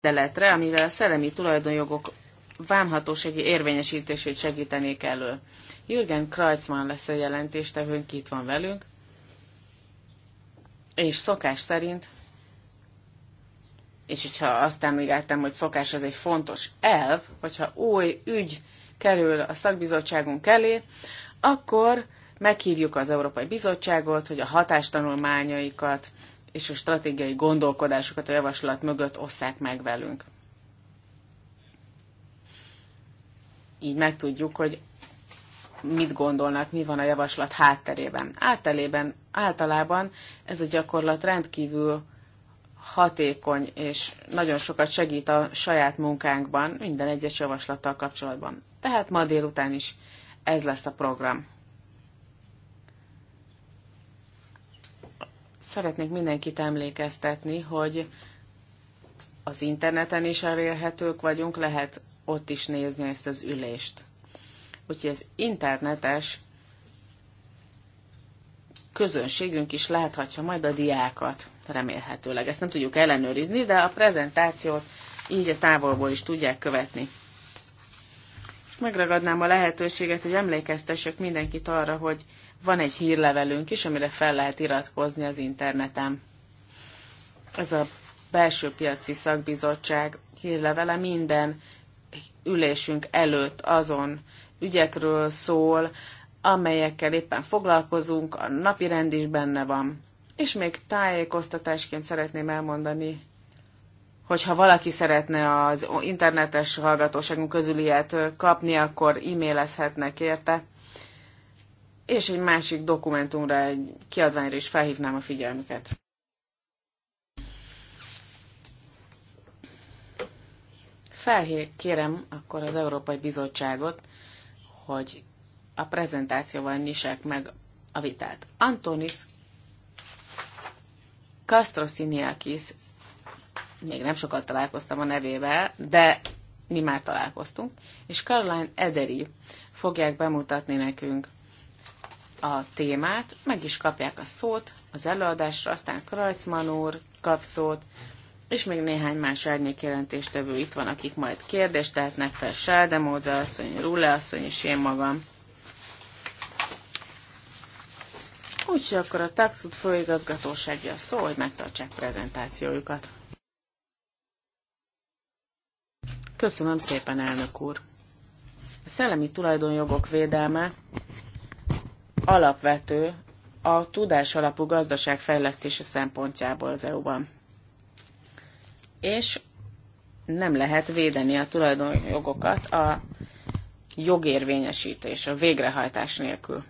rendeletre, amivel a szellemi tulajdonjogok vámhatósági érvényesítését segítenék elő. Jürgen Kreutzmann lesz a hogy itt van velünk, és szokás szerint, és hogyha azt említettem, hogy szokás az egy fontos elv, hogyha új ügy kerül a szakbizottságunk elé, akkor meghívjuk az Európai Bizottságot, hogy a hatástanulmányaikat és a stratégiai gondolkodásukat a javaslat mögött osszák meg velünk. Így megtudjuk, hogy mit gondolnak, mi van a javaslat hátterében. Általában, általában ez a gyakorlat rendkívül hatékony, és nagyon sokat segít a saját munkánkban, minden egyes javaslattal kapcsolatban. Tehát ma délután is ez lesz a program. Szeretnék mindenkit emlékeztetni, hogy az interneten is elérhetők vagyunk, lehet ott is nézni ezt az ülést. Úgyhogy az internetes közönségünk is láthatja majd a diákat, remélhetőleg. Ezt nem tudjuk ellenőrizni, de a prezentációt így a távolból is tudják követni. És megragadnám a lehetőséget, hogy emlékeztessek mindenkit arra, hogy van egy hírlevelünk is, amire fel lehet iratkozni az interneten. Ez a belső piaci szakbizottság hírlevele minden ülésünk előtt azon ügyekről szól, amelyekkel éppen foglalkozunk, a napi rend is benne van. És még tájékoztatásként szeretném elmondani, hogy ha valaki szeretne az internetes hallgatóságunk közül ilyet kapni, akkor e-mailezhetnek érte és egy másik dokumentumra, egy kiadványra is felhívnám a figyelmüket. Felkérem akkor az Európai Bizottságot, hogy a prezentációval nyissák meg a vitát. Antonis Kastrosiniakis, még nem sokat találkoztam a nevével, de mi már találkoztunk, és Caroline Ederi fogják bemutatni nekünk a témát, meg is kapják a szót az előadásra, aztán Krajcman úr kap szót, és még néhány más jelentéstevő itt van, akik majd kérdést tehetnek fel, Sáldemóza asszony, Rulle asszony és én magam. Úgyhogy akkor a Taxud főigazgatóságja szó, hogy megtartsák prezentációjukat. Köszönöm szépen, elnök úr! A szellemi tulajdonjogok védelme alapvető a tudás alapú gazdaság fejlesztése szempontjából az EU-ban. És nem lehet védeni a tulajdonjogokat a jogérvényesítés, a végrehajtás nélkül.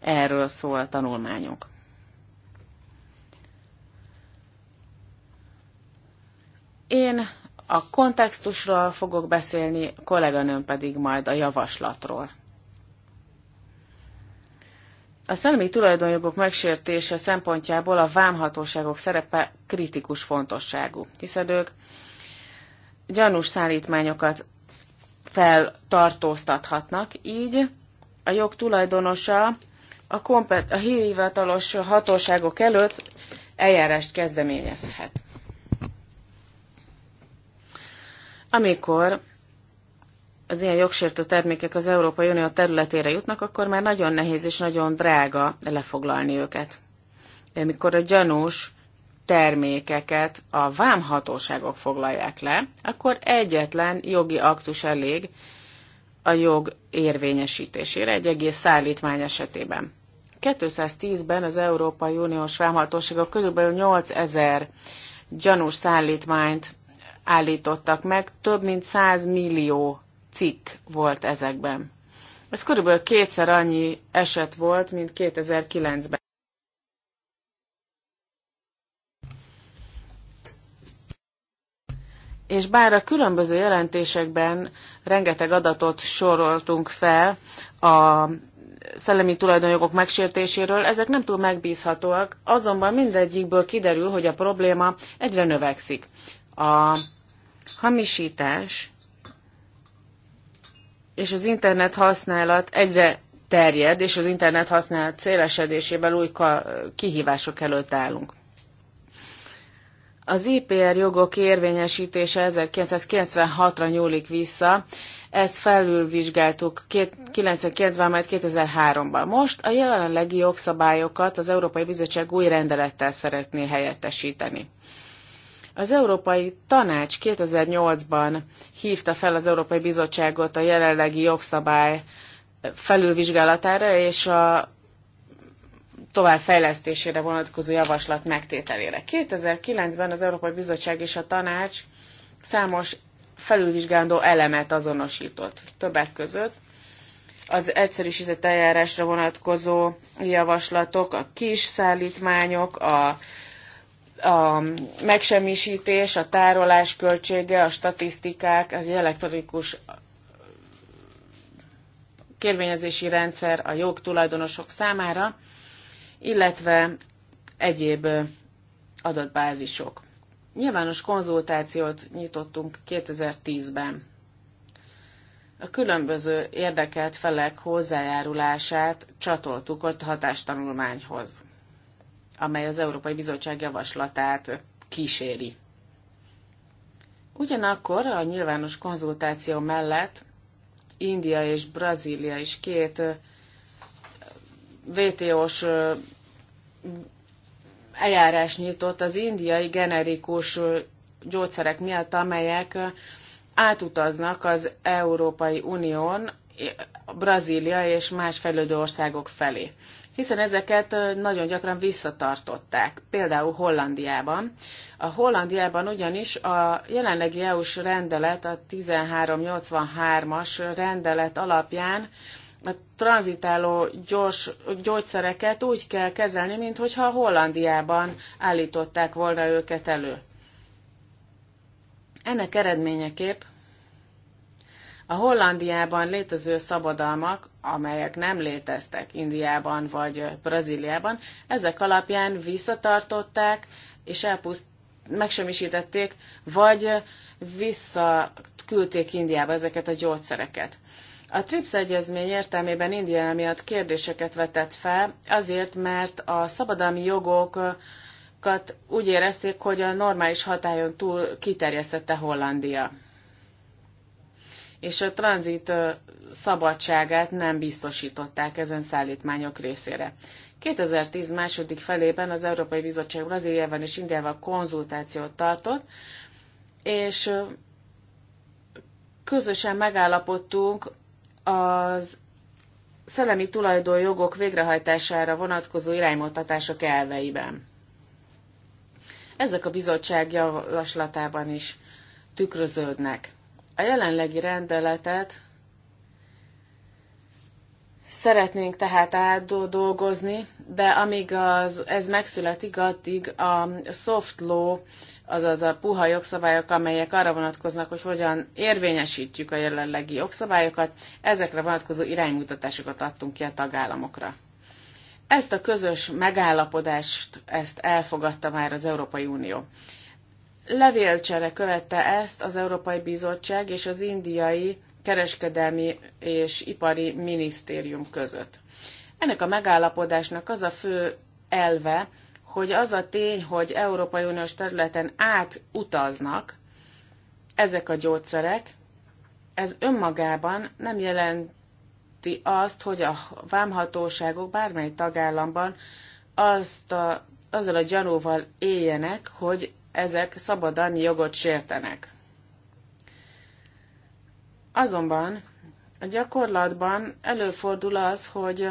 Erről szól a tanulmányok. Én a kontextusról fogok beszélni, a kolléganőm pedig majd a javaslatról. A szellemi tulajdonjogok megsértése szempontjából a vámhatóságok szerepe kritikus fontosságú, hiszen ők gyanús szállítmányokat feltartóztathatnak, így a jog tulajdonosa a, kompet- a hivatalos hatóságok előtt eljárást kezdeményezhet. Amikor az ilyen jogsértő termékek az Európai Unió területére jutnak, akkor már nagyon nehéz és nagyon drága lefoglalni őket. De amikor a gyanús termékeket a vámhatóságok foglalják le, akkor egyetlen jogi aktus elég a jog érvényesítésére egy egész szállítmány esetében. 210-ben az Európai Uniós vámhatóságok körülbelül 8000 gyanús szállítmányt állítottak meg, több mint 100 millió cikk volt ezekben. Ez körülbelül kétszer annyi eset volt, mint 2009-ben. És bár a különböző jelentésekben rengeteg adatot soroltunk fel a szellemi tulajdonjogok megsértéséről, ezek nem túl megbízhatóak, azonban mindegyikből kiderül, hogy a probléma egyre növekszik. A hamisítás és az internet használat egyre terjed, és az internet használat szélesedésével új kihívások előtt állunk. Az IPR jogok érvényesítése 1996-ra nyúlik vissza, ezt felülvizsgáltuk 99-ben, majd 2003-ban. Most a jelenlegi jogszabályokat az Európai Bizottság új rendelettel szeretné helyettesíteni. Az Európai Tanács 2008-ban hívta fel az Európai Bizottságot a jelenlegi jogszabály felülvizsgálatára és a továbbfejlesztésére vonatkozó javaslat megtételére. 2009-ben az Európai Bizottság és a Tanács számos felülvizsgálandó elemet azonosított. Többek között az egyszerűsített eljárásra vonatkozó javaslatok, a kis szállítmányok, a a megsemmisítés, a tárolás költsége, a statisztikák, az elektronikus kérvényezési rendszer a jogtulajdonosok számára, illetve egyéb adatbázisok. Nyilvános konzultációt nyitottunk 2010-ben. A különböző érdekelt felek hozzájárulását csatoltuk a hatástanulmányhoz amely az Európai Bizottság javaslatát kíséri. Ugyanakkor a nyilvános konzultáció mellett India és Brazília is két VTO-s eljárás nyitott az indiai generikus gyógyszerek miatt, amelyek átutaznak az Európai Unión Brazília és más fejlődő országok felé. Hiszen ezeket nagyon gyakran visszatartották, például Hollandiában. A Hollandiában ugyanis a jelenlegi EU-s rendelet, a 1383-as rendelet alapján a tranzitáló gyors gyógyszereket úgy kell kezelni, mintha Hollandiában állították volna őket elő. Ennek eredményeképp a Hollandiában létező szabadalmak, amelyek nem léteztek Indiában vagy Brazíliában, ezek alapján visszatartották és elpuszt, megsemmisítették, vagy visszaküldték Indiába ezeket a gyógyszereket. A TRIPS egyezmény értelmében India miatt kérdéseket vetett fel, azért, mert a szabadalmi jogok kat úgy érezték, hogy a normális hatályon túl kiterjesztette Hollandia. És a tranzit szabadságát nem biztosították ezen szállítmányok részére. 2010 második felében az Európai Bizottság Brazíliában és Indiával konzultációt tartott, és közösen megállapodtunk az szellemi tulajdonjogok végrehajtására vonatkozó iránymutatások elveiben ezek a bizottság javaslatában is tükröződnek. A jelenlegi rendeletet szeretnénk tehát átdolgozni, de amíg az, ez megszületik, addig a soft law, azaz a puha jogszabályok, amelyek arra vonatkoznak, hogy hogyan érvényesítjük a jelenlegi jogszabályokat, ezekre vonatkozó iránymutatásokat adtunk ki a tagállamokra. Ezt a közös megállapodást, ezt elfogadta már az Európai Unió. Levélcsere követte ezt az Európai Bizottság és az indiai kereskedelmi és ipari minisztérium között. Ennek a megállapodásnak az a fő elve, hogy az a tény, hogy Európai Uniós területen átutaznak ezek a gyógyszerek, ez önmagában nem jelent jelenti azt, hogy a vámhatóságok bármely tagállamban azt a, azzal a gyanúval éljenek, hogy ezek szabadalmi jogot sértenek. Azonban a gyakorlatban előfordul az, hogy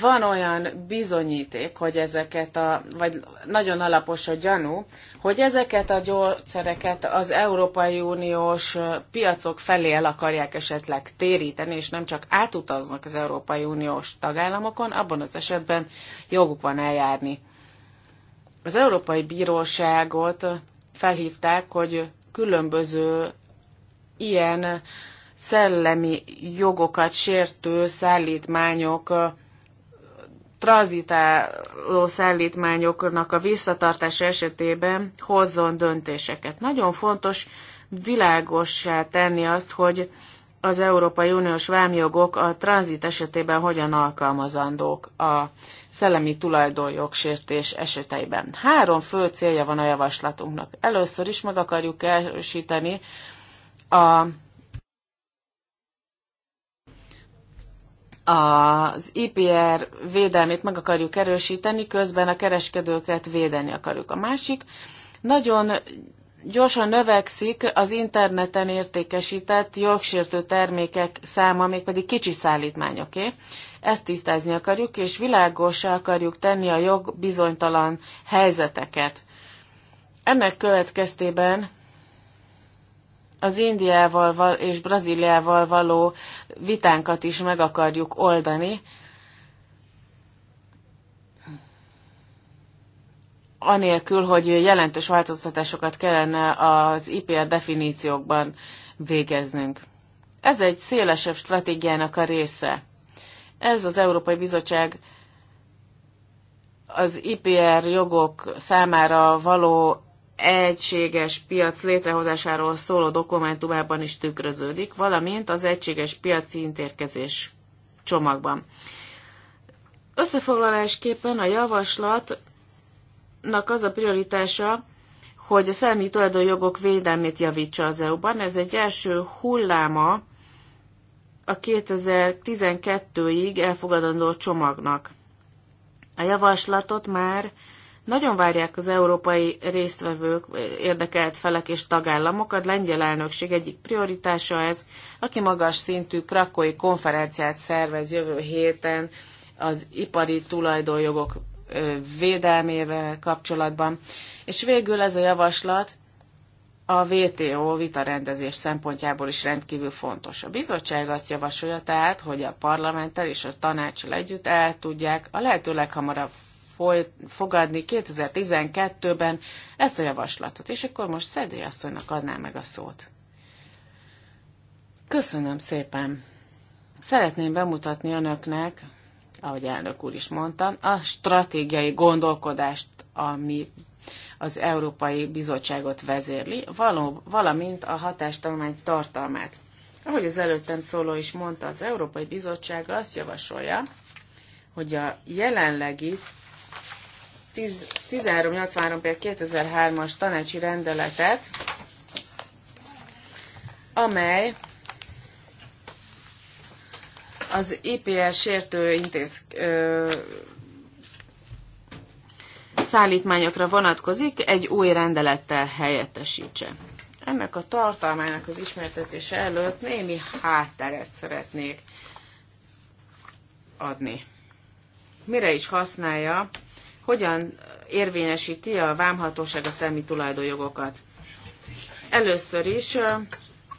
van olyan bizonyíték, hogy ezeket a, vagy nagyon alapos a gyanú, hogy ezeket a gyógyszereket az Európai Uniós piacok felé el akarják esetleg téríteni, és nem csak átutaznak az Európai Uniós tagállamokon, abban az esetben joguk van eljárni. Az Európai Bíróságot felhívták, hogy különböző ilyen szellemi jogokat sértő szállítmányok tranzitáló szállítmányoknak a visszatartása esetében hozzon döntéseket. Nagyon fontos világossá tenni azt, hogy az Európai Uniós vámjogok a tranzit esetében hogyan alkalmazandók a szellemi tulajdonjogsértés eseteiben. Három fő célja van a javaslatunknak. Először is meg akarjuk erősíteni a az IPR védelmét meg akarjuk erősíteni, közben a kereskedőket védeni akarjuk. A másik, nagyon gyorsan növekszik az interneten értékesített jogsértő termékek száma, mégpedig kicsi szállítmányoké. Ezt tisztázni akarjuk, és világosá akarjuk tenni a jog bizonytalan helyzeteket. Ennek következtében az Indiával és Brazíliával való vitánkat is meg akarjuk oldani, anélkül, hogy jelentős változtatásokat kellene az IPR definíciókban végeznünk. Ez egy szélesebb stratégiának a része. Ez az Európai Bizottság az IPR jogok számára való egységes piac létrehozásáról szóló dokumentumában is tükröződik, valamint az egységes piaci intérkezés csomagban. Összefoglalásképpen a javaslatnak az a prioritása, hogy a szellemi tulajdonjogok védelmét javítsa az EU-ban. Ez egy első hulláma a 2012-ig elfogadandó csomagnak. A javaslatot már nagyon várják az európai résztvevők, érdekelt felek és tagállamok, a lengyel elnökség egyik prioritása ez, aki magas szintű krakói konferenciát szervez jövő héten az ipari tulajdonjogok védelmével kapcsolatban. És végül ez a javaslat a VTO vitarendezés szempontjából is rendkívül fontos. A bizottság azt javasolja tehát, hogy a parlamenttel és a tanácsal együtt el tudják a lehető leghamarabb foly, fogadni 2012-ben ezt a javaslatot, és akkor most Szedri asszonynak adná meg a szót. Köszönöm szépen! Szeretném bemutatni önöknek, ahogy elnök úr is mondta, a stratégiai gondolkodást, ami az Európai Bizottságot vezérli, valamint a hatástanulmány tartalmát. Ahogy az előttem szóló is mondta, az Európai Bizottság azt javasolja, hogy a jelenlegi 1383 per 2003-as tanácsi rendeletet, amely az IPS sértő intéz szállítmányokra vonatkozik, egy új rendelettel helyettesítse. Ennek a tartalmának az ismertetése előtt némi hátteret szeretnék adni. Mire is használja hogyan érvényesíti a vámhatóság a szemi tulajdonjogokat. Először is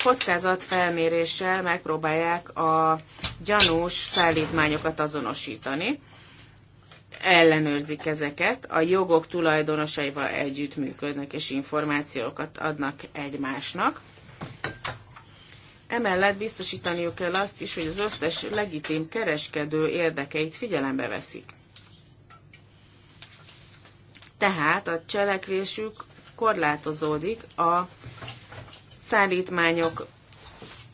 kockázatfelméréssel megpróbálják a gyanús szállítmányokat azonosítani, ellenőrzik ezeket, a jogok tulajdonosaival együttműködnek és információkat adnak egymásnak. Emellett biztosítaniuk kell azt is, hogy az összes legitim kereskedő érdekeit figyelembe veszik. Tehát a cselekvésük korlátozódik a szállítmányok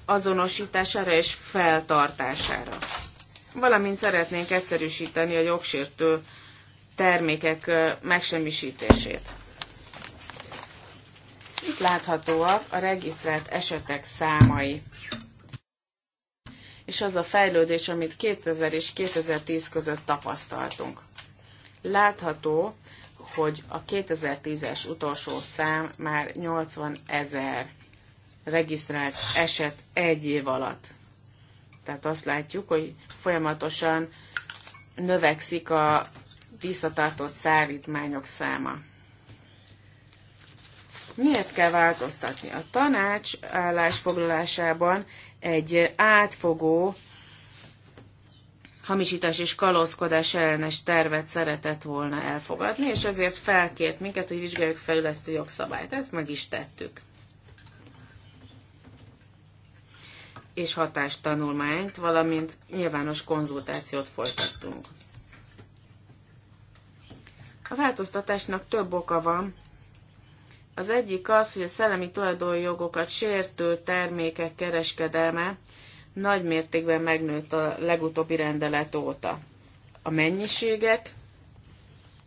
azonosítására és feltartására. Valamint szeretnénk egyszerűsíteni a jogsértő termékek megsemmisítését. Itt láthatóak a regisztrált esetek számai. És az a fejlődés, amit 2000 és 2010 között tapasztaltunk. Látható, hogy a 2010-es utolsó szám már 80 ezer regisztrált eset egy év alatt. Tehát azt látjuk, hogy folyamatosan növekszik a visszatartott szállítmányok száma. Miért kell változtatni? A tanács állásfoglalásában egy átfogó hamisítás és kalózkodás ellenes tervet szeretett volna elfogadni, és ezért felkért minket, hogy vizsgáljuk felül ezt a jogszabályt. Ezt meg is tettük. És hatástanulmányt, valamint nyilvános konzultációt folytattunk. A változtatásnak több oka van. Az egyik az, hogy a szellemi tulajdonjogokat sértő termékek kereskedelme nagy mértékben megnőtt a legutóbbi rendelet óta. A mennyiségek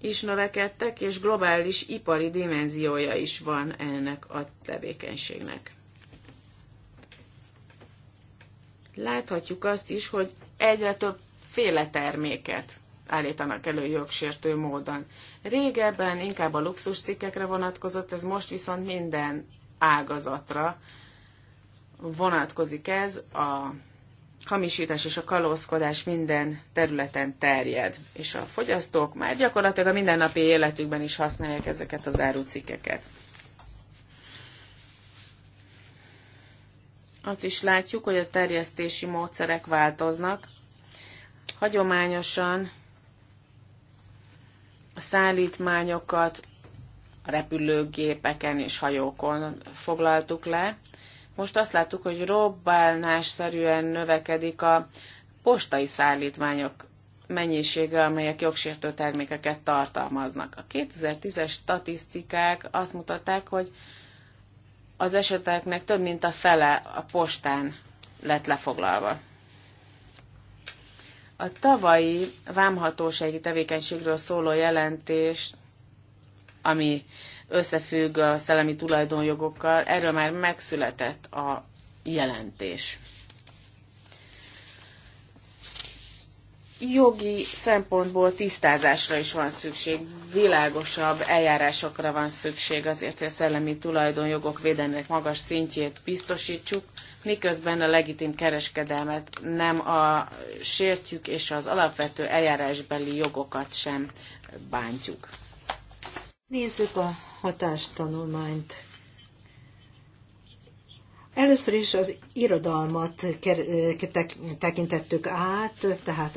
is növekedtek, és globális ipari dimenziója is van ennek a tevékenységnek. Láthatjuk azt is, hogy egyre több féle terméket állítanak elő jogsértő módon. Régebben inkább a cikkekre vonatkozott, ez most viszont minden ágazatra, vonatkozik ez, a hamisítás és a kalózkodás minden területen terjed, és a fogyasztók már gyakorlatilag a mindennapi életükben is használják ezeket az árucikkeket. Azt is látjuk, hogy a terjesztési módszerek változnak. Hagyományosan a szállítmányokat a repülőgépeken és hajókon foglaltuk le, most azt láttuk, hogy robbálnásszerűen növekedik a postai szállítmányok mennyisége, amelyek jogsértő termékeket tartalmaznak. A 2010-es statisztikák azt mutatták, hogy az eseteknek több mint a fele a postán lett lefoglalva. A tavalyi vámhatósági tevékenységről szóló jelentés, ami összefügg a szellemi tulajdonjogokkal. Erről már megszületett a jelentés. Jogi szempontból tisztázásra is van szükség, világosabb eljárásokra van szükség azért, hogy a szellemi tulajdonjogok védelmének magas szintjét biztosítsuk, miközben a legitim kereskedelmet nem a sértjük, és az alapvető eljárásbeli jogokat sem bántjuk. Nézzük a hatástanulmányt. Először is az irodalmat eh, tekintettük át, tehát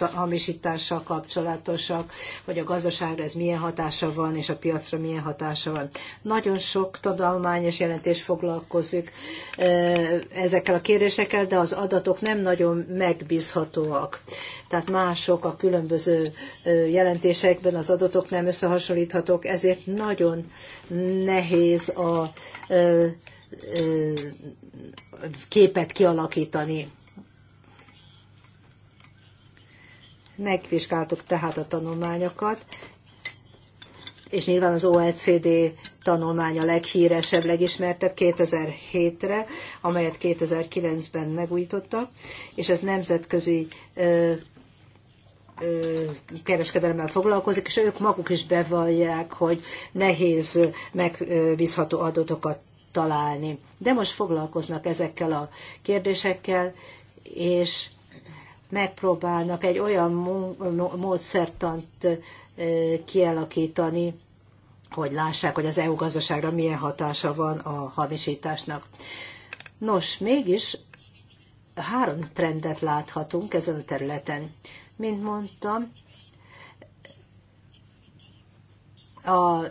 a hamisítással kapcsolatosak, hogy a gazdaságra ez milyen hatása van, és a piacra milyen hatása van. Nagyon sok tudományos jelentés foglalkozik eh, ezekkel a kérdésekkel, de az adatok nem nagyon megbízhatóak. Tehát mások a különböző eh, jelentésekben az adatok nem összehasonlíthatók, ezért nagyon nehéz a képet kialakítani. Megvizsgáltuk tehát a tanulmányokat, és nyilván az OECD tanulmánya a leghíresebb, legismertebb 2007-re, amelyet 2009-ben megújítottak, és ez nemzetközi ö, ö, kereskedelemmel foglalkozik, és ők maguk is bevallják, hogy nehéz megbízható adatokat találni. De most foglalkoznak ezekkel a kérdésekkel, és megpróbálnak egy olyan módszertant kialakítani, hogy lássák, hogy az EU gazdaságra milyen hatása van a hamisításnak. Nos, mégis három trendet láthatunk ezen a területen. Mint mondtam, a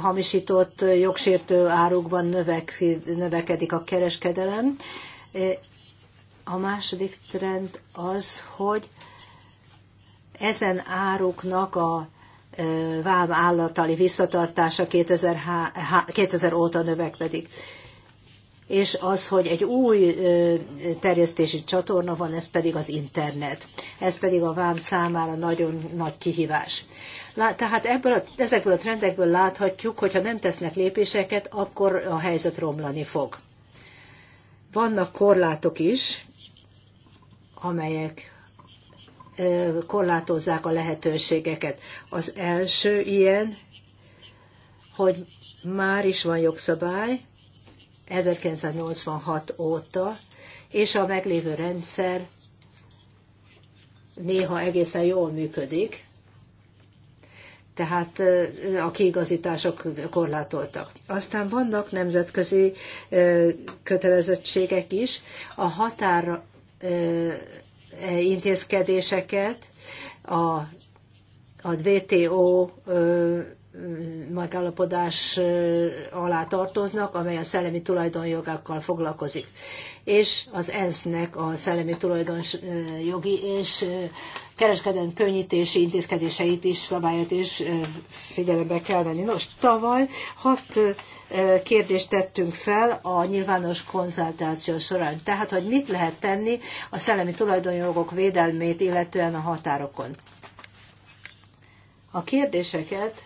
hamisított jogsértő árukban növekedik a kereskedelem. A második trend az, hogy ezen áruknak a vám állatali visszatartása 2000, 2000 óta növekedik és az, hogy egy új terjesztési csatorna van, ez pedig az internet. Ez pedig a vám számára nagyon nagy kihívás. Tehát ebből a, ezekből a trendekből láthatjuk, hogy ha nem tesznek lépéseket, akkor a helyzet romlani fog. Vannak korlátok is, amelyek korlátozzák a lehetőségeket. Az első ilyen, hogy már is van jogszabály, 1986 óta, és a meglévő rendszer néha egészen jól működik, tehát a kiigazítások korlátoltak. Aztán vannak nemzetközi kötelezettségek is, a határ e, intézkedéseket a, a WTO megállapodás alá tartoznak, amely a szellemi tulajdonjogákkal foglalkozik. És az ENSZ-nek a szellemi tulajdonjogi és kereskedelmi könnyítési intézkedéseit is, szabályát is figyelembe kell venni. Nos, tavaly hat kérdést tettünk fel a nyilvános konzultáció során. Tehát, hogy mit lehet tenni a szellemi tulajdonjogok védelmét, illetően a határokon. A kérdéseket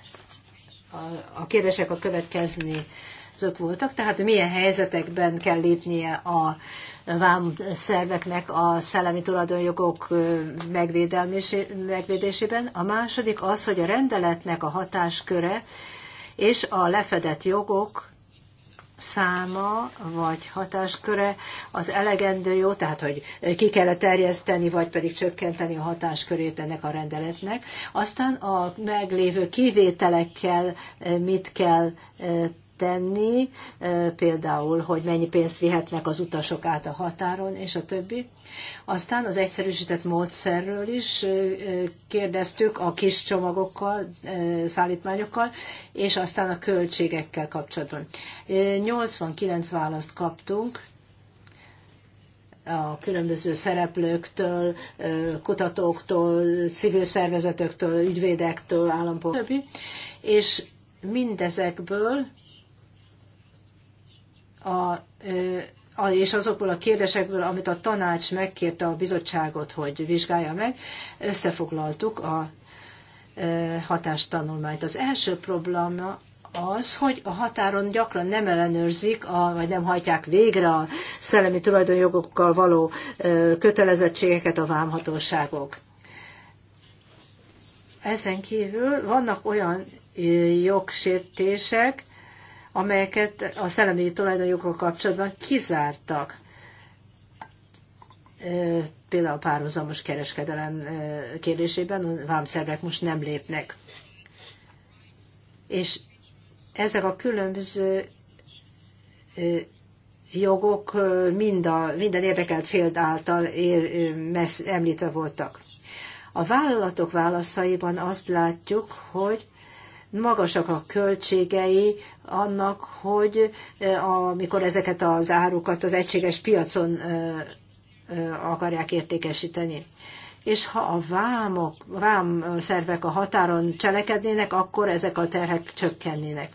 a kérdések a következni azok voltak, tehát milyen helyzetekben kell lépnie a vámszerveknek a szellemi tulajdonjogok megvédésében. A második az, hogy a rendeletnek a hatásköre és a lefedett jogok száma vagy hatásköre az elegendő jó, tehát hogy ki kell terjeszteni, vagy pedig csökkenteni a hatáskörét ennek a rendeletnek. Aztán a meglévő kivételekkel eh, mit kell eh, tenni, például, hogy mennyi pénzt vihetnek az utasok át a határon, és a többi. Aztán az egyszerűsített módszerről is kérdeztük a kis csomagokkal, szállítmányokkal, és aztán a költségekkel kapcsolatban. 89 választ kaptunk, a különböző szereplőktől, kutatóktól, civil szervezetektől, ügyvédektől, állampolgároktól, és mindezekből a, és azokból a kérdésekből, amit a tanács megkérte a bizottságot, hogy vizsgálja meg, összefoglaltuk a hatástanulmányt. Az első probléma az, hogy a határon gyakran nem ellenőrzik, a, vagy nem hajtják végre a szellemi tulajdonjogokkal való kötelezettségeket a vámhatóságok. Ezen kívül vannak olyan jogsértések, amelyeket a szellemi tulajdonjogokkal kapcsolatban kizártak. Például a párhuzamos kereskedelem kérdésében a vámszervek most nem lépnek. És ezek a különböző jogok mind a, minden érdekelt fél által ér, messz, említve voltak. A vállalatok válaszaiban azt látjuk, hogy magasak a költségei annak, hogy eh, amikor ezeket az árukat az egységes piacon eh, eh, akarják értékesíteni. És ha a vámok, vám szervek a határon cselekednének, akkor ezek a terhek csökkennének.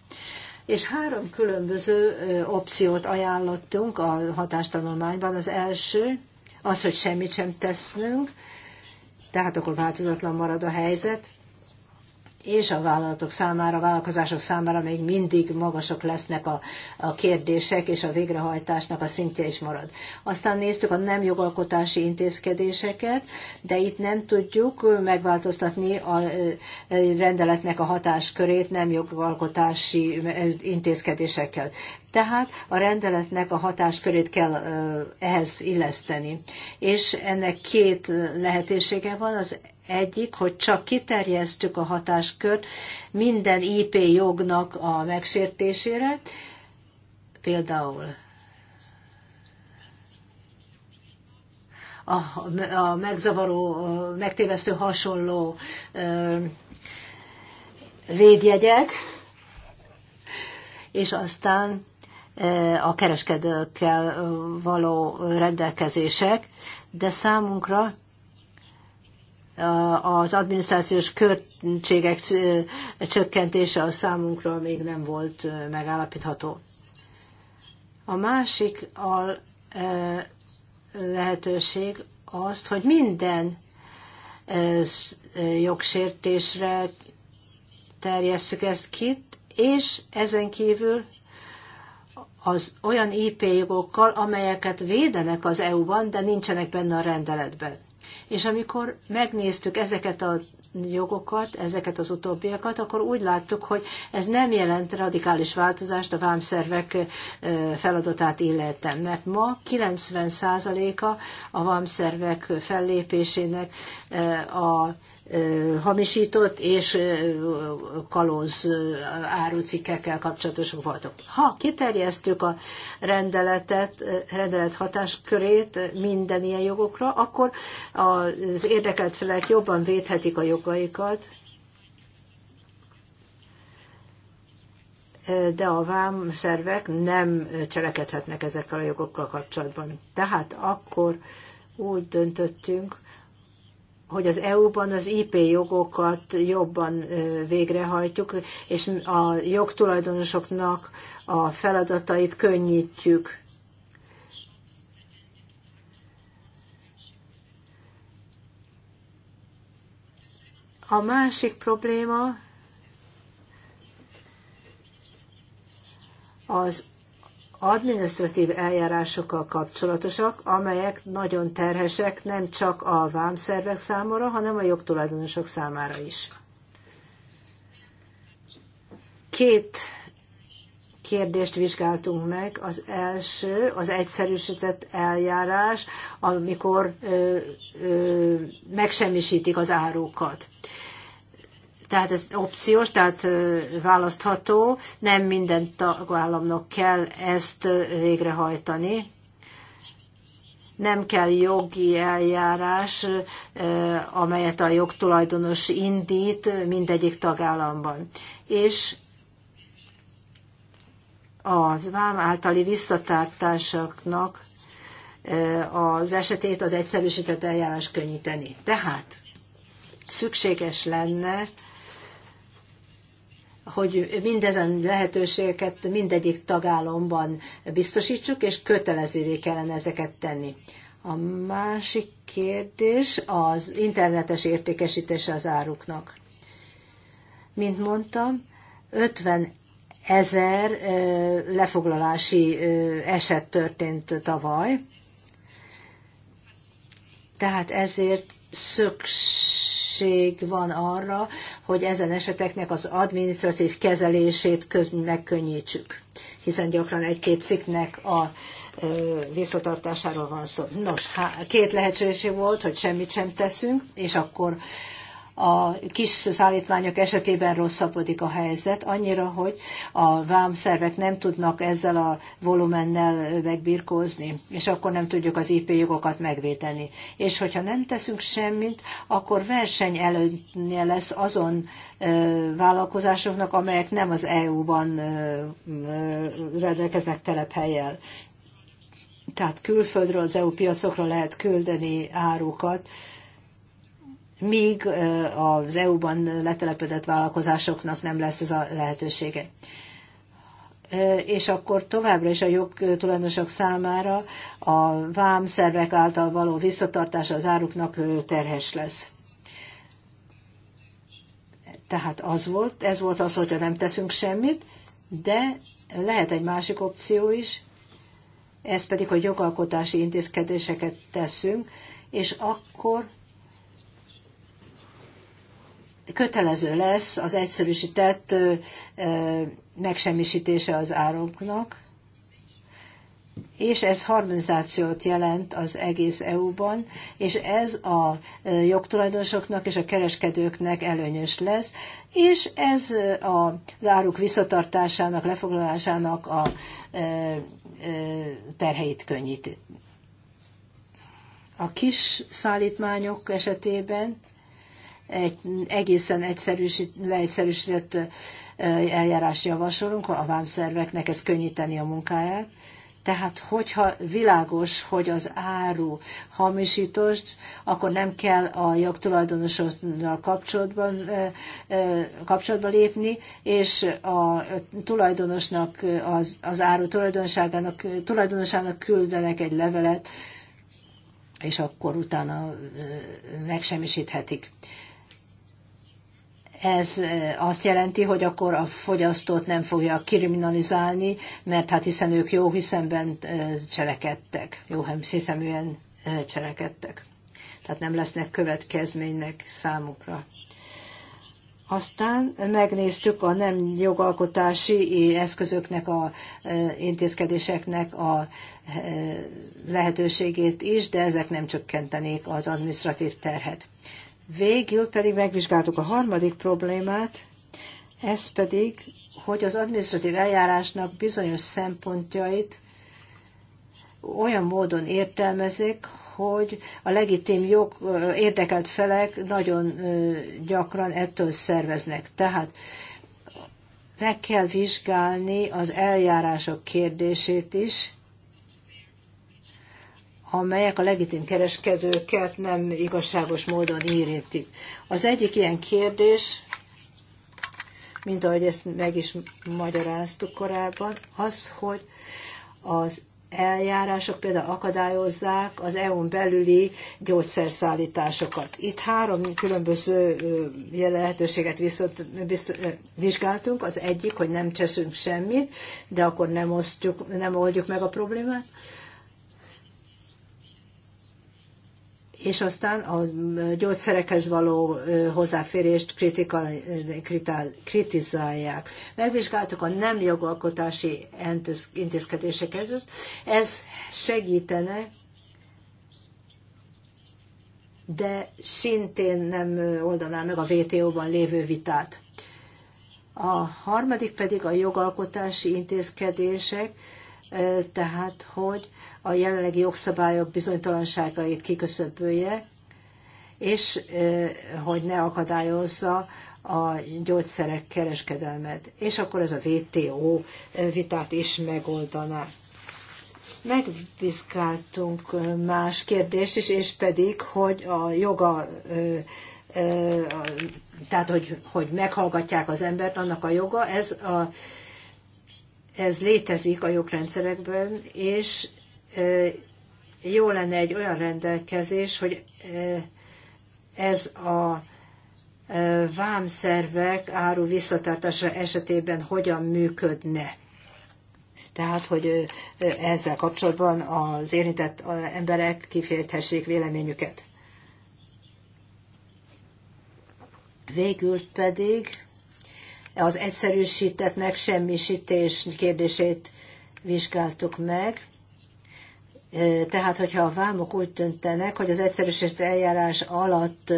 És három különböző opciót ajánlottunk a hatástanulmányban. Az első az, hogy semmit sem teszünk, tehát akkor változatlan marad a helyzet és a vállalatok számára, a vállalkozások számára még mindig magasok lesznek a, a kérdések, és a végrehajtásnak a szintje is marad. Aztán néztük a nem jogalkotási intézkedéseket, de itt nem tudjuk megváltoztatni a rendeletnek a hatáskörét nem jogalkotási intézkedésekkel. Tehát a rendeletnek a hatáskörét kell ehhez illeszteni. És ennek két lehetősége van. Az egyik, hogy csak kiterjesztük a hatáskört minden IP jognak a megsértésére, például a, a megzavaró, megtévesztő hasonló ö, védjegyek, és aztán a kereskedőkkel való rendelkezések, de számunkra az adminisztrációs költségek csökkentése a számunkra még nem volt megállapítható. A másik a lehetőség azt, hogy minden jogsértésre terjesszük ezt ki, és ezen kívül az olyan IP jogokkal, amelyeket védenek az EU-ban, de nincsenek benne a rendeletben. És amikor megnéztük ezeket a jogokat, ezeket az utóbbiakat, akkor úgy láttuk, hogy ez nem jelent radikális változást a vámszervek feladatát illetően. mert ma 90%-a a vámszervek fellépésének a hamisított és kalóz árucikkekkel kapcsolatosak voltak. Ha kiterjesztük a rendeletet, rendelet hatáskörét minden ilyen jogokra, akkor az érdekelt felek jobban védhetik a jogaikat, de a vám szervek nem cselekedhetnek ezekkel a jogokkal kapcsolatban. Tehát akkor úgy döntöttünk, hogy az EU-ban az IP jogokat jobban végrehajtjuk, és a jogtulajdonosoknak a feladatait könnyítjük. A másik probléma az administratív eljárásokkal kapcsolatosak, amelyek nagyon terhesek nem csak a vámszervek számára, hanem a jogtulajdonosok számára is. Két kérdést vizsgáltunk meg. Az első, az egyszerűsített eljárás, amikor ö, ö, megsemmisítik az árukat tehát ez opciós, tehát választható, nem minden tagállamnak kell ezt végrehajtani. Nem kell jogi eljárás, amelyet a jogtulajdonos indít mindegyik tagállamban. És a vám általi visszatártásoknak az esetét az egyszerűsített eljárás könnyíteni. Tehát szükséges lenne hogy mindezen lehetőségeket mindegyik tagállamban biztosítsuk, és kötelezővé kellene ezeket tenni. A másik kérdés az internetes értékesítése az áruknak. Mint mondtam, 50 ezer lefoglalási eset történt tavaly, tehát ezért szükség szükség van arra, hogy ezen eseteknek az administratív kezelését megkönnyítsük, hiszen gyakran egy-két cikknek a visszatartásáról van szó. Nos, két lehetőség volt, hogy semmit sem teszünk, és akkor a kis szállítmányok esetében rosszabbodik a helyzet, annyira, hogy a vámszervek nem tudnak ezzel a volumennel megbirkózni, és akkor nem tudjuk az IP jogokat megvédeni. És hogyha nem teszünk semmit, akkor verseny előnye lesz azon vállalkozásoknak, amelyek nem az EU-ban rendelkeznek telephelyel. Tehát külföldről az EU piacokra lehet küldeni árukat, míg az EU-ban letelepedett vállalkozásoknak nem lesz ez a lehetősége. És akkor továbbra is a jogtulajdonosok számára a vámszervek által való visszatartása az áruknak terhes lesz. Tehát az volt, ez volt az, hogyha nem teszünk semmit, de lehet egy másik opció is, ez pedig, hogy jogalkotási intézkedéseket teszünk, és akkor kötelező lesz az egyszerűsített megsemmisítése az árunknak, és ez harmonizációt jelent az egész EU-ban, és ez a jogtulajdonosoknak és a kereskedőknek előnyös lesz, és ez az áruk visszatartásának, lefoglalásának a terheit könnyíti. A kis szállítmányok esetében egy egészen egyszerűsít, leegyszerűsített eljárás javasolunk a vámszerveknek, ez könnyíteni a munkáját. Tehát, hogyha világos, hogy az áru hamisítost, akkor nem kell a jogtulajdonosokkal kapcsolatban, kapcsolatban lépni, és a tulajdonosnak, az, az áru tulajdonságának, tulajdonosának küldenek egy levelet, és akkor utána megsemmisíthetik. Ez azt jelenti, hogy akkor a fogyasztót nem fogja kriminalizálni, mert hát hiszen ők jó hiszemben cselekedtek, jó hiszeműen cselekedtek. Tehát nem lesznek következménynek számukra. Aztán megnéztük a nem jogalkotási eszközöknek, a intézkedéseknek a lehetőségét is, de ezek nem csökkentenék az administratív terhet. Végül pedig megvizsgáltuk a harmadik problémát, ez pedig, hogy az adminisztratív eljárásnak bizonyos szempontjait olyan módon értelmezik, hogy a legitim jog érdekelt felek nagyon gyakran ettől szerveznek. Tehát meg kell vizsgálni az eljárások kérdését is, amelyek a legitim kereskedőket nem igazságos módon érintik. Az egyik ilyen kérdés, mint ahogy ezt meg is magyaráztuk korábban, az, hogy az eljárások például akadályozzák az EU-n belüli gyógyszerszállításokat. Itt három különböző lehetőséget viszont, bizt, vizsgáltunk. Az egyik, hogy nem cseszünk semmit, de akkor nem, osztjuk, nem oldjuk meg a problémát. és aztán a gyógyszerekhez való hozzáférést kritizálják. Megvizsgáltuk a nem jogalkotási intézkedéseket, ez segítene, de szintén nem oldaná meg a WTO-ban lévő vitát. A harmadik pedig a jogalkotási intézkedések, tehát hogy a jelenlegi jogszabályok bizonytalanságait kiköszöbölje, és hogy ne akadályozza a gyógyszerek kereskedelmet. És akkor ez a WTO vitát is megoldaná. Megvizsgáltunk más kérdést is, és pedig, hogy a joga, tehát hogy, hogy meghallgatják az embert, annak a joga, ez, a, ez létezik a jogrendszerekben, és jó lenne egy olyan rendelkezés, hogy ez a vámszervek áru visszatartása esetében hogyan működne. Tehát, hogy ezzel kapcsolatban az érintett emberek kifejthessék véleményüket. Végül pedig az egyszerűsített megsemmisítés kérdését vizsgáltuk meg tehát, hogyha a vámok úgy döntenek, hogy az egyszerűsített eljárás alatt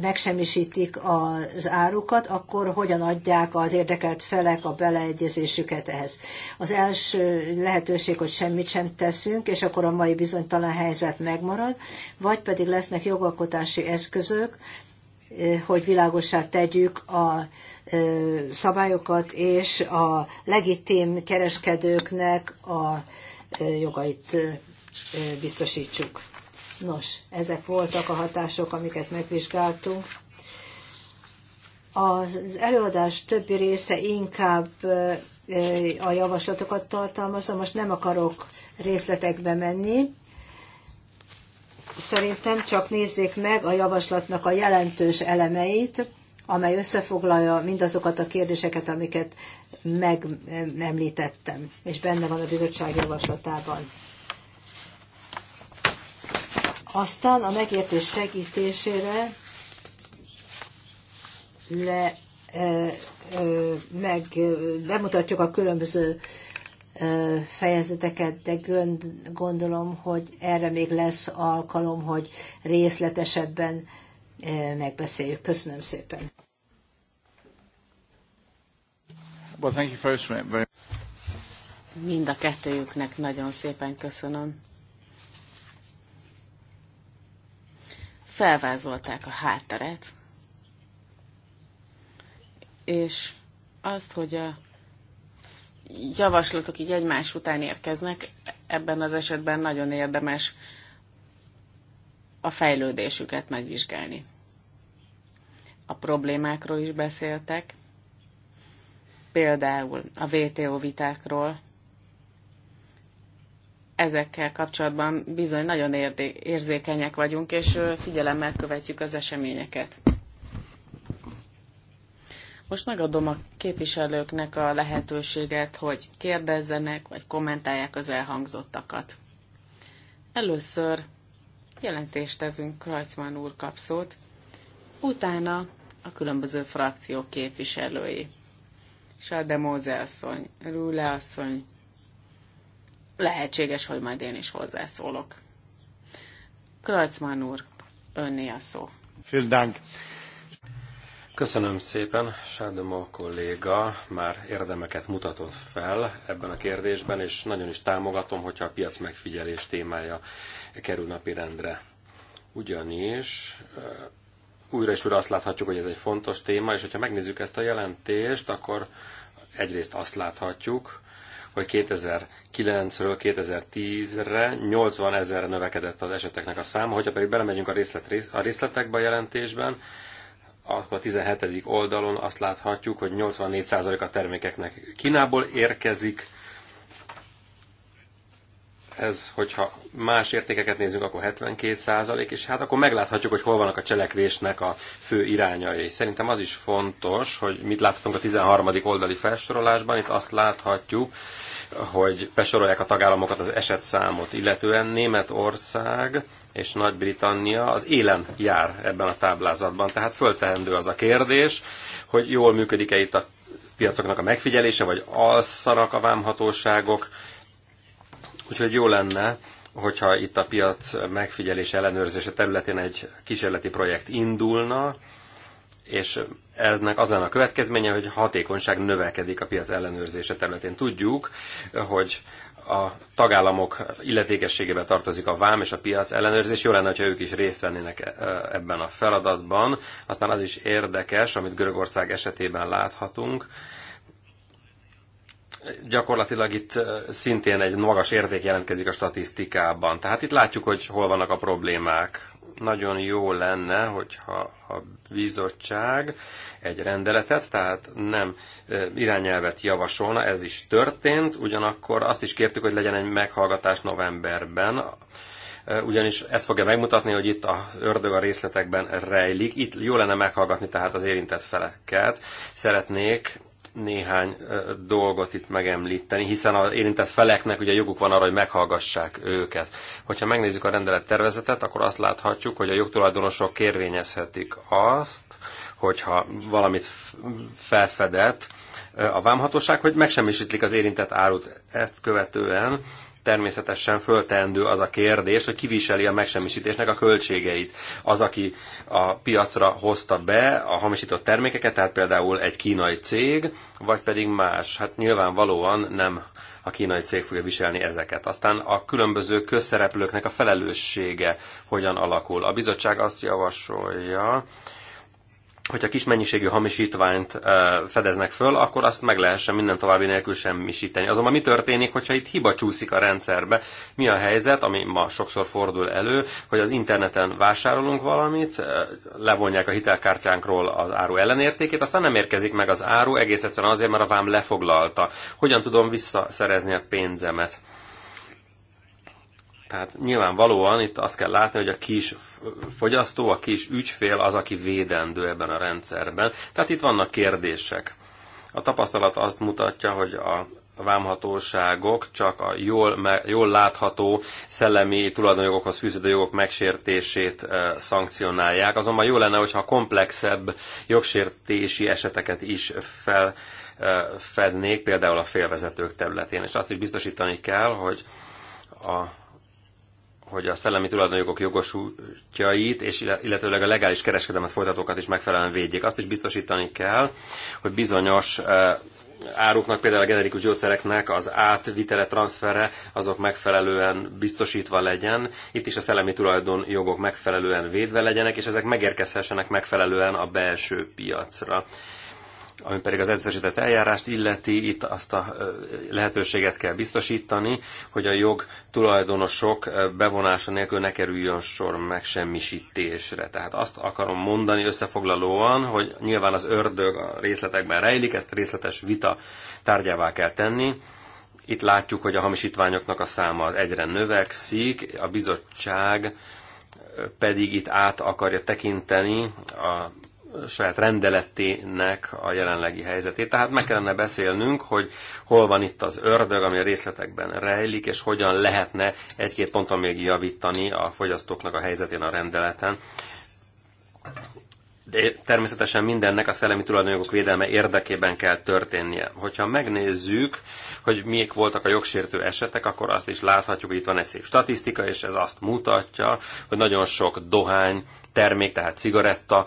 megsemmisítik az árukat, akkor hogyan adják az érdekelt felek a beleegyezésüket ehhez. Az első lehetőség, hogy semmit sem teszünk, és akkor a mai bizonytalan helyzet megmarad, vagy pedig lesznek jogalkotási eszközök, hogy világosá tegyük a szabályokat, és a legitim kereskedőknek a jogait biztosítsuk. Nos, ezek voltak a hatások, amiket megvizsgáltunk. Az előadás többi része inkább a javaslatokat tartalmazza, most nem akarok részletekbe menni. Szerintem csak nézzék meg a javaslatnak a jelentős elemeit, amely összefoglalja mindazokat a kérdéseket, amiket megemlítettem, és benne van a bizottság javaslatában. Aztán a megértés segítésére le, e, e, meg bemutatjuk a különböző e, fejezeteket, de gond, gondolom, hogy erre még lesz alkalom, hogy részletesebben megbeszéljük. Köszönöm szépen. Well, thank you first very... Mind a kettőjüknek nagyon szépen köszönöm. Felvázolták a hátteret, és azt, hogy a javaslatok így egymás után érkeznek, ebben az esetben nagyon érdemes a fejlődésüket megvizsgálni. A problémákról is beszéltek, például a VTO vitákról. Ezekkel kapcsolatban bizony nagyon érzékenyek vagyunk, és figyelemmel követjük az eseményeket. Most megadom a képviselőknek a lehetőséget, hogy kérdezzenek, vagy kommentálják az elhangzottakat. Először jelentéstevünk Krajcman úr kap szót, utána a különböző frakciók képviselői. Sade Móze asszony, Rúle asszony, lehetséges, hogy majd én is hozzászólok. Krajcman úr, önné a szó. Vielen Dank. Köszönöm szépen, Sárdomó kolléga már érdemeket mutatott fel ebben a kérdésben, és nagyon is támogatom, hogyha a piac megfigyelés témája kerül napirendre. Ugyanis újra és újra azt láthatjuk, hogy ez egy fontos téma, és hogyha megnézzük ezt a jelentést, akkor egyrészt azt láthatjuk, hogy 2009-ről 2010-re 80 ezerre növekedett az eseteknek a száma, hogyha pedig belemegyünk a, részlet, a részletekbe a jelentésben, akkor a 17. oldalon azt láthatjuk, hogy 84% a termékeknek Kínából érkezik. Ez, hogyha más értékeket nézzük, akkor 72%, és hát akkor megláthatjuk, hogy hol vannak a cselekvésnek a fő irányai. Szerintem az is fontos, hogy mit láthatunk a 13. oldali felsorolásban. Itt azt láthatjuk, hogy besorolják a tagállamokat az esetszámot, illetően Németország és Nagy-Britannia az élen jár ebben a táblázatban. Tehát föltehendő az a kérdés, hogy jól működik-e itt a piacoknak a megfigyelése, vagy alszanak a vámhatóságok. Úgyhogy jó lenne, hogyha itt a piac megfigyelése ellenőrzése területén egy kísérleti projekt indulna, és eznek az lenne a következménye, hogy hatékonyság növekedik a piac ellenőrzése területén. Tudjuk, hogy a tagállamok illetékességébe tartozik a vám és a piac ellenőrzés. Jó lenne, ha ők is részt vennének eh, ebben a feladatban. Aztán az is érdekes, amit Görögország esetében láthatunk, gyakorlatilag itt eh, szintén egy magas érték jelentkezik a statisztikában. Tehát itt látjuk, hogy hol vannak a problémák nagyon jó lenne, hogyha a bizottság egy rendeletet, tehát nem irányelvet javasolna, ez is történt, ugyanakkor azt is kértük, hogy legyen egy meghallgatás novemberben, ugyanis ez fogja megmutatni, hogy itt az ördög a részletekben rejlik. Itt jó lenne meghallgatni tehát az érintett feleket. Szeretnék néhány dolgot itt megemlíteni, hiszen az érintett feleknek ugye joguk van arra, hogy meghallgassák őket. Hogyha megnézzük a rendelet tervezetet, akkor azt láthatjuk, hogy a jogtulajdonosok kérvényezhetik azt, hogyha valamit felfedett a vámhatóság, hogy megsemmisítik az érintett árut. Ezt követően természetesen fölteendő az a kérdés, hogy kiviseli a megsemmisítésnek a költségeit. Az, aki a piacra hozta be a hamisított termékeket, tehát például egy kínai cég, vagy pedig más. Hát nyilvánvalóan nem a kínai cég fogja viselni ezeket. Aztán a különböző közszereplőknek a felelőssége hogyan alakul. A bizottság azt javasolja, hogyha kis mennyiségű hamisítványt fedeznek föl, akkor azt meg lehessen minden további nélkül semmisíteni. Azonban mi történik, hogyha itt hiba csúszik a rendszerbe? Mi a helyzet, ami ma sokszor fordul elő, hogy az interneten vásárolunk valamit, levonják a hitelkártyánkról az áru ellenértékét, aztán nem érkezik meg az áru, egész egyszerűen azért, mert a vám lefoglalta. Hogyan tudom visszaszerezni a pénzemet? Tehát nyilvánvalóan itt azt kell látni, hogy a kis fogyasztó, a kis ügyfél az, aki védendő ebben a rendszerben. Tehát itt vannak kérdések. A tapasztalat azt mutatja, hogy a vámhatóságok csak a jól, jól látható szellemi tulajdonjogokhoz fűződő jogok megsértését szankcionálják. Azonban jó lenne, hogyha komplexebb jogsértési eseteket is felfednék, például a félvezetők területén. És azt is biztosítani kell, hogy a hogy a szellemi tulajdonjogok jogosultjait, és illetőleg a legális kereskedelmet folytatókat is megfelelően védjék. Azt is biztosítani kell, hogy bizonyos eh, áruknak, például a generikus gyógyszereknek az átvitele, transfere, azok megfelelően biztosítva legyen. Itt is a szellemi tulajdonjogok megfelelően védve legyenek, és ezek megérkezhessenek megfelelően a belső piacra ami pedig az egyszerűsített eljárást illeti, itt azt a lehetőséget kell biztosítani, hogy a jog tulajdonosok bevonása nélkül ne kerüljön sor megsemmisítésre. Tehát azt akarom mondani összefoglalóan, hogy nyilván az ördög a részletekben rejlik, ezt részletes vita tárgyává kell tenni, itt látjuk, hogy a hamisítványoknak a száma az egyre növekszik, a bizottság pedig itt át akarja tekinteni a saját rendeletének a jelenlegi helyzetét. Tehát meg kellene beszélnünk, hogy hol van itt az ördög, ami a részletekben rejlik, és hogyan lehetne egy-két ponton még javítani a fogyasztóknak a helyzetén a rendeleten. De természetesen mindennek a szellemi tulajdonjogok védelme érdekében kell történnie. Hogyha megnézzük, hogy miek voltak a jogsértő esetek, akkor azt is láthatjuk, hogy itt van egy szép statisztika, és ez azt mutatja, hogy nagyon sok dohány termék, tehát cigaretta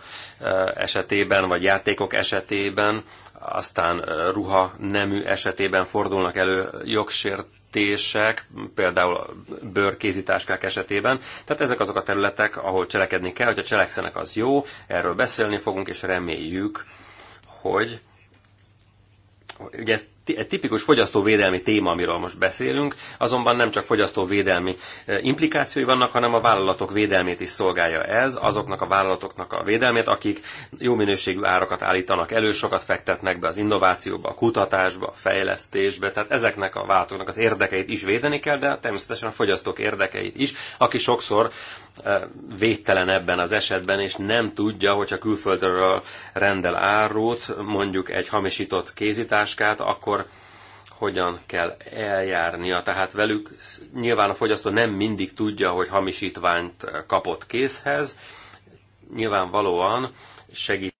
esetében, vagy játékok esetében, aztán ruha nemű esetében fordulnak elő jogsért büntetések, például bőrkézitáskák esetében. Tehát ezek azok a területek, ahol cselekedni kell, hogyha cselekszenek, az jó, erről beszélni fogunk, és reméljük, hogy ugye ezt egy tipikus fogyasztóvédelmi téma, amiről most beszélünk, azonban nem csak fogyasztóvédelmi e, implikációi vannak, hanem a vállalatok védelmét is szolgálja ez, azoknak a vállalatoknak a védelmét, akik jó minőségű árakat állítanak elő, sokat fektetnek be az innovációba, a kutatásba, a fejlesztésbe, tehát ezeknek a vállalatoknak az érdekeit is védeni kell, de természetesen a fogyasztók érdekeit is, aki sokszor e, védtelen ebben az esetben, és nem tudja, hogyha külföldről rendel árut, mondjuk egy hamisított kézitáskát, akkor akkor hogyan kell eljárnia. Tehát velük nyilván a fogyasztó nem mindig tudja, hogy hamisítványt kapott készhez. Nyilvánvalóan segít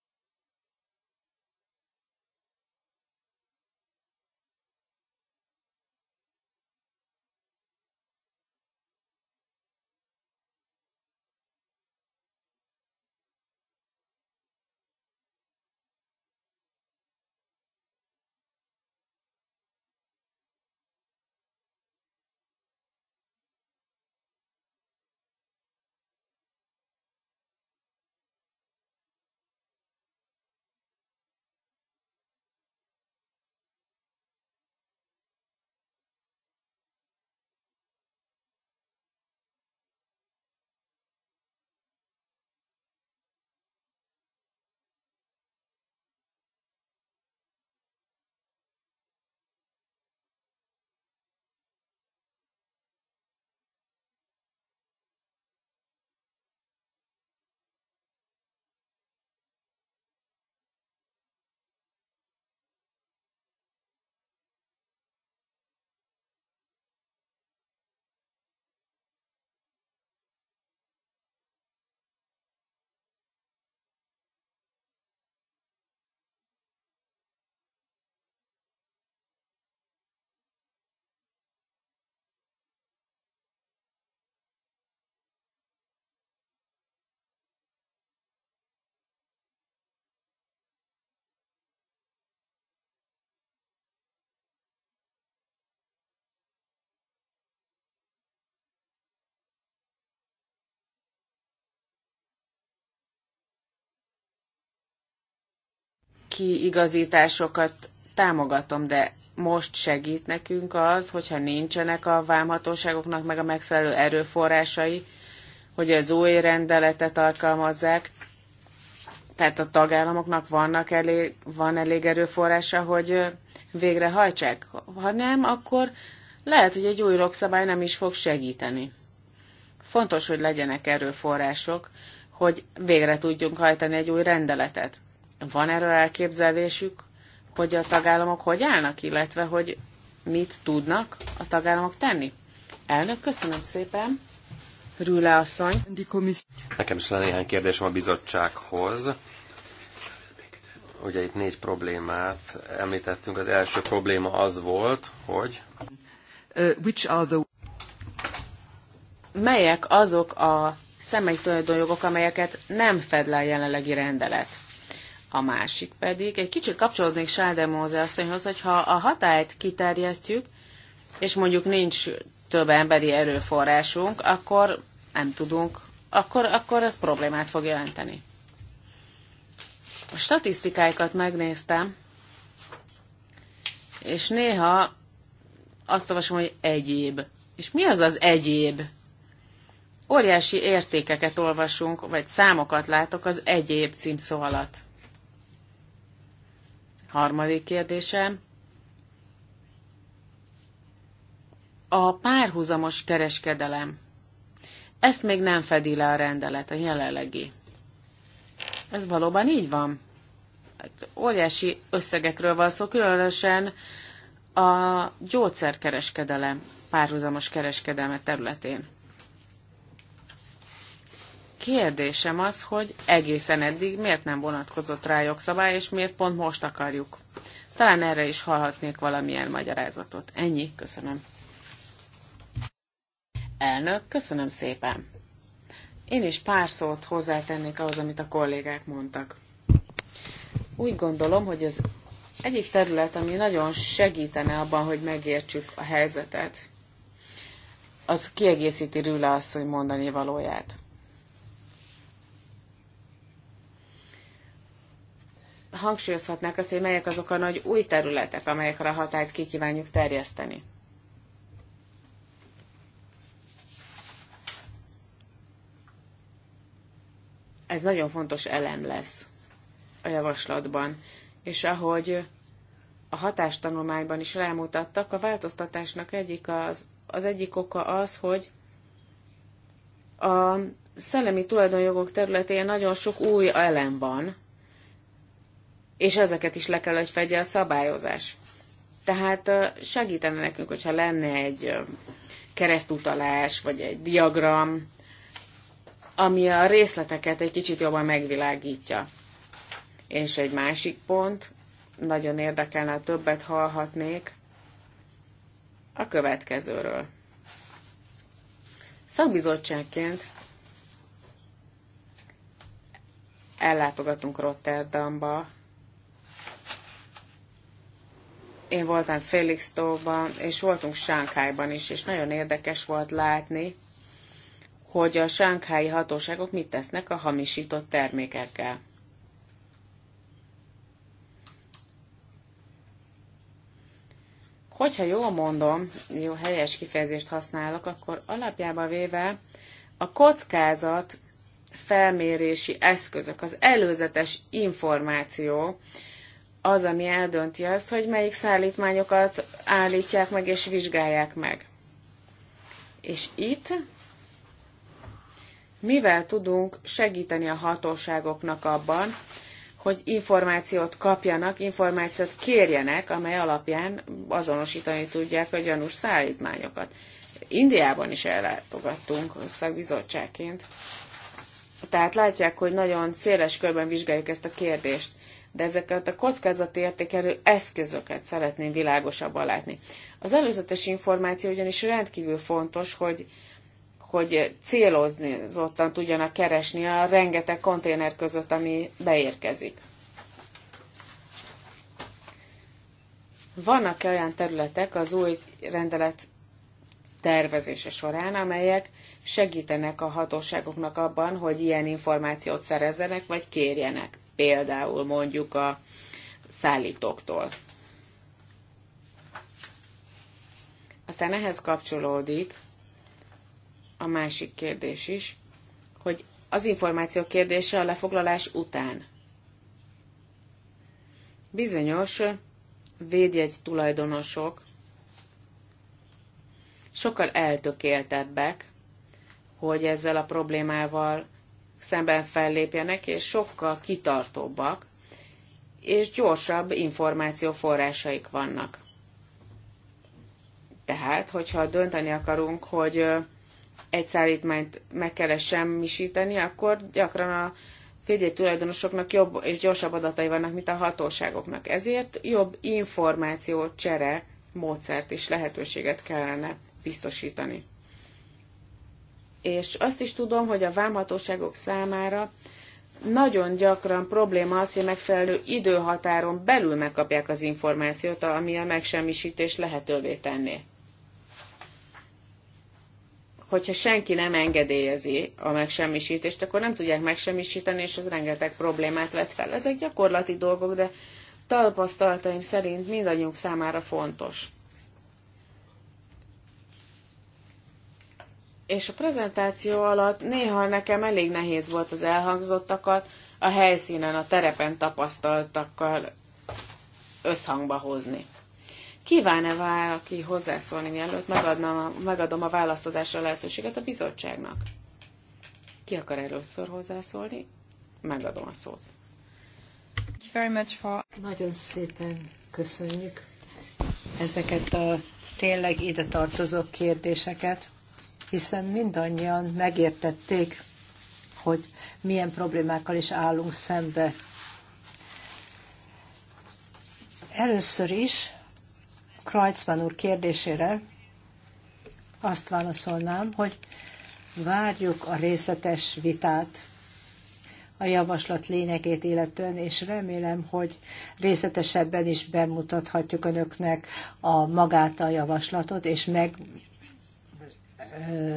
kiigazításokat támogatom, de most segít nekünk az, hogyha nincsenek a vámhatóságoknak meg a megfelelő erőforrásai, hogy az új rendeletet alkalmazzák. Tehát a tagállamoknak vannak elég, van elég erőforrása, hogy végrehajtsák. Ha nem, akkor lehet, hogy egy új rokszabály nem is fog segíteni. Fontos, hogy legyenek erőforrások, hogy végre tudjunk hajtani egy új rendeletet. Van erről elképzelésük, hogy a tagállamok hogy állnak, illetve hogy mit tudnak a tagállamok tenni? Elnök, köszönöm szépen. Rüle asszony. Nekem is lenne néhány kérdésem a bizottsághoz. Ugye itt négy problémát említettünk. Az első probléma az volt, hogy... Uh, which are the... Melyek azok a személyi tulajdonjogok, amelyeket nem fed le a jelenlegi rendelet? A másik pedig, egy kicsit kapcsolódnék Sádemóze asszonyhoz, ha a hatályt kiterjesztjük, és mondjuk nincs több emberi erőforrásunk, akkor nem tudunk, akkor, akkor ez problémát fog jelenteni. A statisztikáikat megnéztem, és néha azt olvasom, hogy egyéb. És mi az az egyéb? Óriási értékeket olvasunk, vagy számokat látok az egyéb címszó alatt. Harmadik kérdésem. A párhuzamos kereskedelem. Ezt még nem fedi le a rendelet, a jelenlegi. Ez valóban így van? Hát óriási összegekről van szó, különösen a gyógyszerkereskedelem párhuzamos kereskedelme területén kérdésem az, hogy egészen eddig miért nem vonatkozott rá jogszabály, és miért pont most akarjuk. Talán erre is hallhatnék valamilyen magyarázatot. Ennyi, köszönöm. Elnök, köszönöm szépen. Én is pár szót hozzátennék ahhoz, amit a kollégák mondtak. Úgy gondolom, hogy ez egyik terület, ami nagyon segítene abban, hogy megértsük a helyzetet, az kiegészíti Rüle asszony mondani valóját. hangsúlyozhatnák azt, hogy melyek azok a nagy új területek, amelyekre a hatályt ki kívánjuk terjeszteni. Ez nagyon fontos elem lesz a javaslatban, és ahogy a hatástanulmányban is rámutattak, a változtatásnak egyik az, az egyik oka az, hogy a szellemi tulajdonjogok területén nagyon sok új elem van, és ezeket is le kell, hogy fedje a szabályozás. Tehát segítene nekünk, hogyha lenne egy keresztutalás, vagy egy diagram, ami a részleteket egy kicsit jobban megvilágítja. És egy másik pont, nagyon érdekelne, többet hallhatnék, a következőről. Szakbizottságként ellátogatunk Rotterdamba Én voltam Félix-tóban és voltunk Sánkhájban is, és nagyon érdekes volt látni, hogy a sánkháji hatóságok mit tesznek a hamisított termékekkel. Hogyha jól mondom, jó helyes kifejezést használok, akkor alapjában véve a kockázat felmérési eszközök, az előzetes információ az, ami eldönti azt, hogy melyik szállítmányokat állítják meg és vizsgálják meg. És itt mivel tudunk segíteni a hatóságoknak abban, hogy információt kapjanak, információt kérjenek, amely alapján azonosítani tudják a gyanús szállítmányokat. Indiában is ellátogattunk szakbizottságként. Tehát látják, hogy nagyon széles körben vizsgáljuk ezt a kérdést de ezeket a kockázati értékelő eszközöket szeretném világosabban látni. Az előzetes információ ugyanis rendkívül fontos, hogy hogy célozni ottan tudjanak keresni a rengeteg konténer között, ami beérkezik. Vannak-e olyan területek az új rendelet tervezése során, amelyek segítenek a hatóságoknak abban, hogy ilyen információt szerezzenek vagy kérjenek? például mondjuk a szállítóktól. Aztán ehhez kapcsolódik a másik kérdés is, hogy az információ kérdése a lefoglalás után. Bizonyos védjegy tulajdonosok sokkal eltökéltebbek, hogy ezzel a problémával szemben fellépjenek, és sokkal kitartóbbak, és gyorsabb forrásaik vannak. Tehát, hogyha dönteni akarunk, hogy egy szállítmányt meg kell -e semmisíteni, akkor gyakran a tulajdonosoknak jobb és gyorsabb adatai vannak, mint a hatóságoknak. Ezért jobb információ csere módszert és lehetőséget kellene biztosítani és azt is tudom, hogy a vámhatóságok számára nagyon gyakran probléma az, hogy megfelelő időhatáron belül megkapják az információt, ami a megsemmisítés lehetővé tenné. Hogyha senki nem engedélyezi a megsemmisítést, akkor nem tudják megsemmisíteni, és ez rengeteg problémát vet fel. Ezek gyakorlati dolgok, de tapasztalataim szerint mindannyiunk számára fontos. és a prezentáció alatt néha nekem elég nehéz volt az elhangzottakat a helyszínen, a terepen tapasztaltakkal összhangba hozni. Kíván-e valaki hozzászólni, mielőtt megadna, megadom a válaszadásra lehetőséget a bizottságnak? Ki akar először hozzászólni? Megadom a szót. Very much for... Nagyon szépen köszönjük ezeket a tényleg ide tartozó kérdéseket hiszen mindannyian megértették, hogy milyen problémákkal is állunk szembe. Először is Kreutzmann úr kérdésére azt válaszolnám, hogy várjuk a részletes vitát a javaslat lényegét illetően, és remélem, hogy részletesebben is bemutathatjuk önöknek a magát a javaslatot, és meg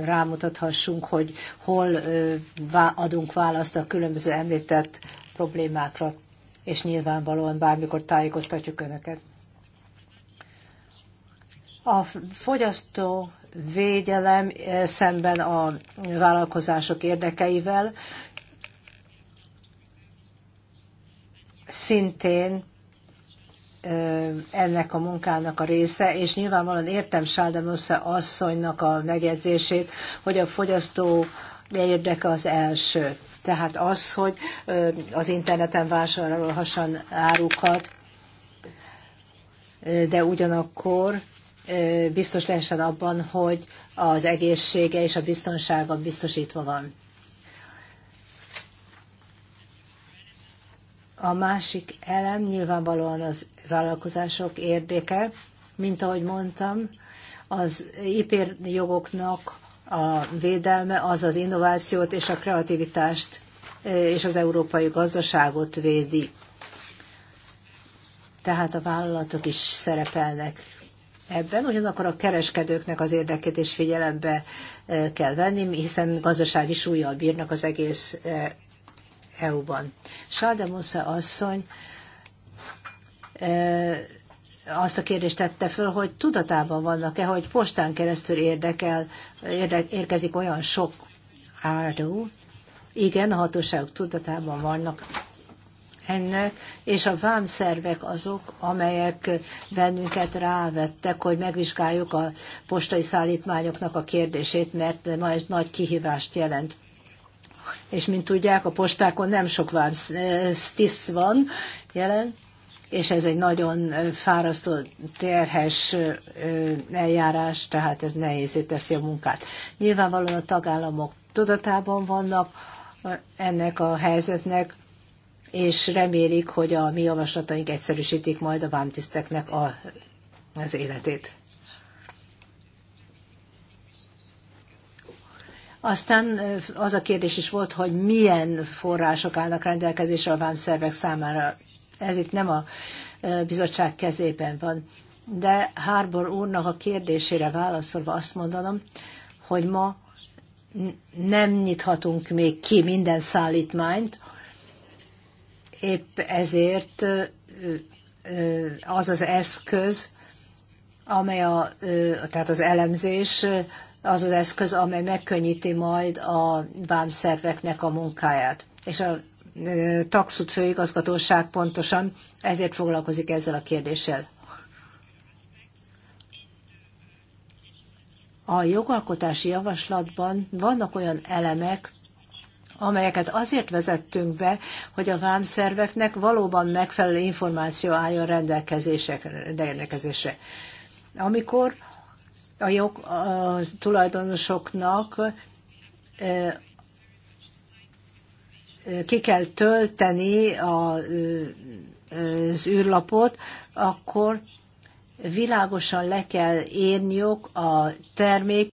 rámutathassunk, hogy hol adunk választ a különböző említett problémákra, és nyilvánvalóan bármikor tájékoztatjuk Önöket. A fogyasztó védelem szemben a vállalkozások érdekeivel szintén ennek a munkának a része, és nyilvánvalóan értem Sáldemosze asszonynak a megjegyzését, hogy a fogyasztó érdeke az első. Tehát az, hogy az interneten vásárolhasson árukat, de ugyanakkor biztos lehessen abban, hogy az egészsége és a biztonsága biztosítva van. A másik elem nyilvánvalóan az vállalkozások érdeke, mint ahogy mondtam, az ipér jogoknak a védelme az az innovációt és a kreativitást e, és az európai gazdaságot védi. Tehát a vállalatok is szerepelnek ebben, ugyanakkor a kereskedőknek az érdekét is figyelembe e, kell venni, hiszen gazdasági súlyjal bírnak az egész e, EU-ban. Sáde Musza asszony e, azt a kérdést tette föl, hogy tudatában vannak-e, hogy postán keresztül érdekel, érde, érkezik olyan sok áru. Igen, a hatóságok tudatában vannak ennek, és a vámszervek azok, amelyek bennünket rávettek, hogy megvizsgáljuk a postai szállítmányoknak a kérdését, mert ma ez nagy kihívást jelent és mint tudják, a postákon nem sok stisz van jelen, és ez egy nagyon fárasztó, terhes eljárás, tehát ez nehézé teszi a munkát. Nyilvánvalóan a tagállamok tudatában vannak ennek a helyzetnek, és remélik, hogy a mi javaslataink egyszerűsítik majd a vámtiszteknek a, az életét. Aztán az a kérdés is volt, hogy milyen források állnak rendelkezésre a vámszervek számára. Ez itt nem a bizottság kezében van. De Harbor úrnak a kérdésére válaszolva azt mondanom, hogy ma nem nyithatunk még ki minden szállítmányt, épp ezért az az eszköz, amely a, tehát az elemzés az az eszköz, amely megkönnyíti majd a vámszerveknek a munkáját. És a taxut főigazgatóság pontosan ezért foglalkozik ezzel a kérdéssel. A jogalkotási javaslatban vannak olyan elemek, amelyeket azért vezettünk be, hogy a vámszerveknek valóban megfelelő információ álljon rendelkezésre. Amikor a jog a tulajdonosoknak ki kell tölteni a, az űrlapot, akkor világosan le kell írniuk a termék